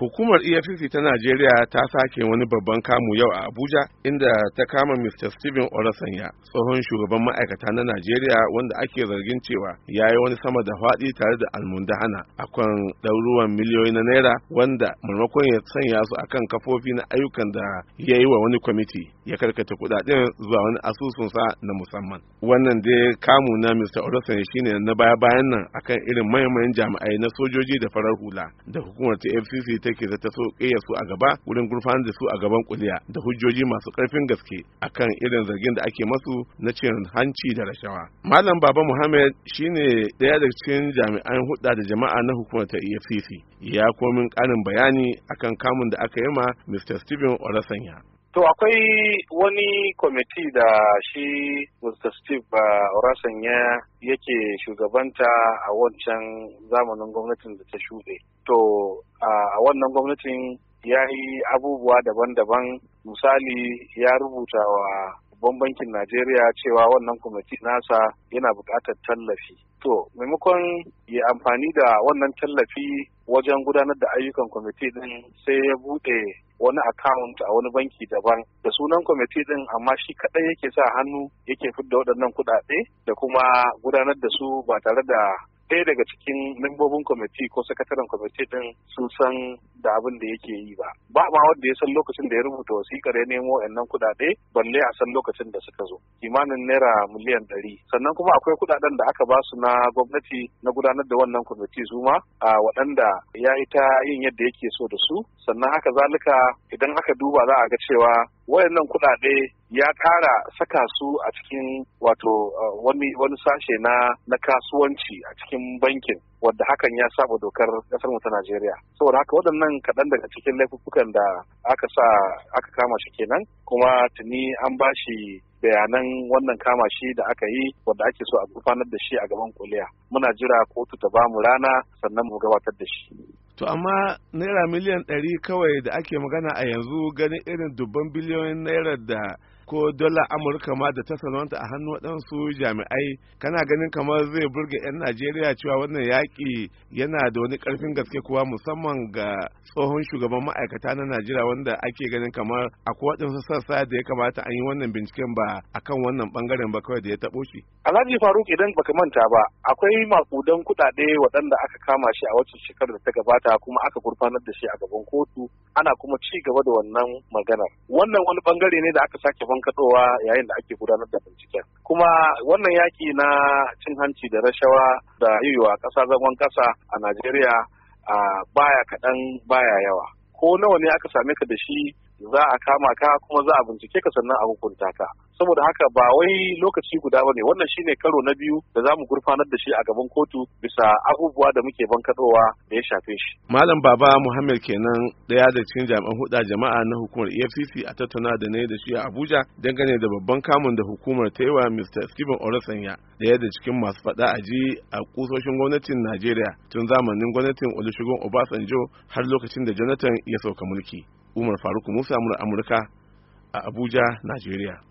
Hukumar EFCC ta Najeriya ta sake wani babban kamu yau a Abuja inda ta kama Mr. Stephen Orasanya, tsohon shugaban ma'aikata na Najeriya wanda ake zargin cewa ya yi wani sama da faɗi tare da almundahana akan ɗaruruwan miliyoyi na naira wanda maimakon ya sanya su akan kafofi na ayyukan da ya yi wa wani kwamiti ya karkata kuɗaɗen zuwa wani asusunsa na musamman. Wannan dai kamu na Mr. Orasanya shine na baya-bayan nan akan irin mayan jami'ai na sojoji da farar hula da hukumar ta e FCC ta ke zata so ƙeya su a gaba wurin gurfanar da su a gaban kuliya da hujjoji masu ƙarfin gaske akan irin zargin da ake masu na cin hanci da rashawa. Malam Baba Muhammad shine ɗaya daga cikin jami'an huɗa da jama'a na hukumar ta EFCC ya komin ƙarin bayani akan kamun da aka yi ma Mr. Stephen Orasanya. To akwai wani kwamiti da shi Mr. Steve uh, Orasanya yake shugabanta a wancan zamanin gwamnatin da ta shuɗe. To a wannan gwamnatin ya yi abubuwa daban-daban misali ya rubuta wa babban bankin najeriya cewa wannan kwamiti nasa yana buƙatar tallafi to maimakon ya amfani da wannan tallafi wajen gudanar da ayyukan kwamiti din sai ya buɗe wani akawunt a wani banki daban da sunan kwamiti din amma shi kaɗai yake sa hannu yake fidda waɗannan kuɗaɗe da kuma gudanar da su ba tare da ɗaya daga cikin membobin kwamiti ko sakataren kwamiti din sun san da abin da yake yi ba ba ma wanda ya san lokacin da ya rubuta wasikar ya nemo yannan kuɗaɗe balle a san lokacin da suka zo kimanin naira miliyan ɗari sannan kuma akwai kuɗaɗen da aka ba su na gwamnati na gudanar da wannan kwamiti zuma a waɗanda ya yi ta yin yadda yake so da su sannan haka zalika idan aka duba za a ga cewa wayannan kuɗaɗe ya kara saka su a cikin wato uh, wani sashe na na kasuwanci a cikin bankin wadda hakan ya saba dokar kasar ta Najeriya saboda haka waɗannan kaɗan daga cikin laifukan da aka sa aka kama shi kenan kuma tuni an bashi bayanan wannan kama shi da aka yi wadda ake so a gurfanar da shi a gaban kuliya muna jira kotu ta bamu rana sannan mu gabatar da shi to amma naira miliyan ɗari kawai da ake magana a yanzu ganin irin dubban biliyoyin naira da ko dala amurka ma da ta salwanta a hannu waɗansu jami'ai kana ganin kamar zai burge 'yan najeriya cewa wannan yaƙi yana da wani ƙarfin gaske kuwa musamman ga tsohon shugaban ma'aikata na najeriya wanda ake ganin kamar akwai waɗansu sassa da ya kamata an yi wannan binciken ba akan wannan ɓangaren ba kawai da ya taɓo shi. alhaji faruk idan baka manta ba akwai makudan kuɗaɗe waɗanda aka kama shi a wacce shekarar da ta gabata kuma aka gurfanar da shi a gaban kotu ana kuma ci gaba da wannan maganar wannan wani ɓangare ne da aka sake ban bankaɗowa yayin da ake gudanar da binciken kuma wannan yaki na cin hanci da rashawa da yiwuwa ƙasa zagon ƙasa a najeriya a baya kaɗan baya yawa ko nawa ne aka same ka da shi za a kama ka kuma za a bincike ka sannan a hukunta ka saboda haka ba wai lokaci guda ba ne wannan shine karo na biyu da zamu gurfanar da shi a gaban kotu bisa abubuwa da muke bankadowa da ya shafe shi malam baba muhammad kenan daya da cikin jami'an huda jama'a na hukumar efcc a tattauna da ne da shi a abuja dangane da babban kamun da hukumar ta yi wa mr stephen orasanya daya da cikin masu faɗa a ji a kusoshin gwamnatin najeriya tun zamanin gwamnatin olusegun obasanjo har lokacin da jonathan ya sauka mulki umar faruk musa amurka a abuja najeriya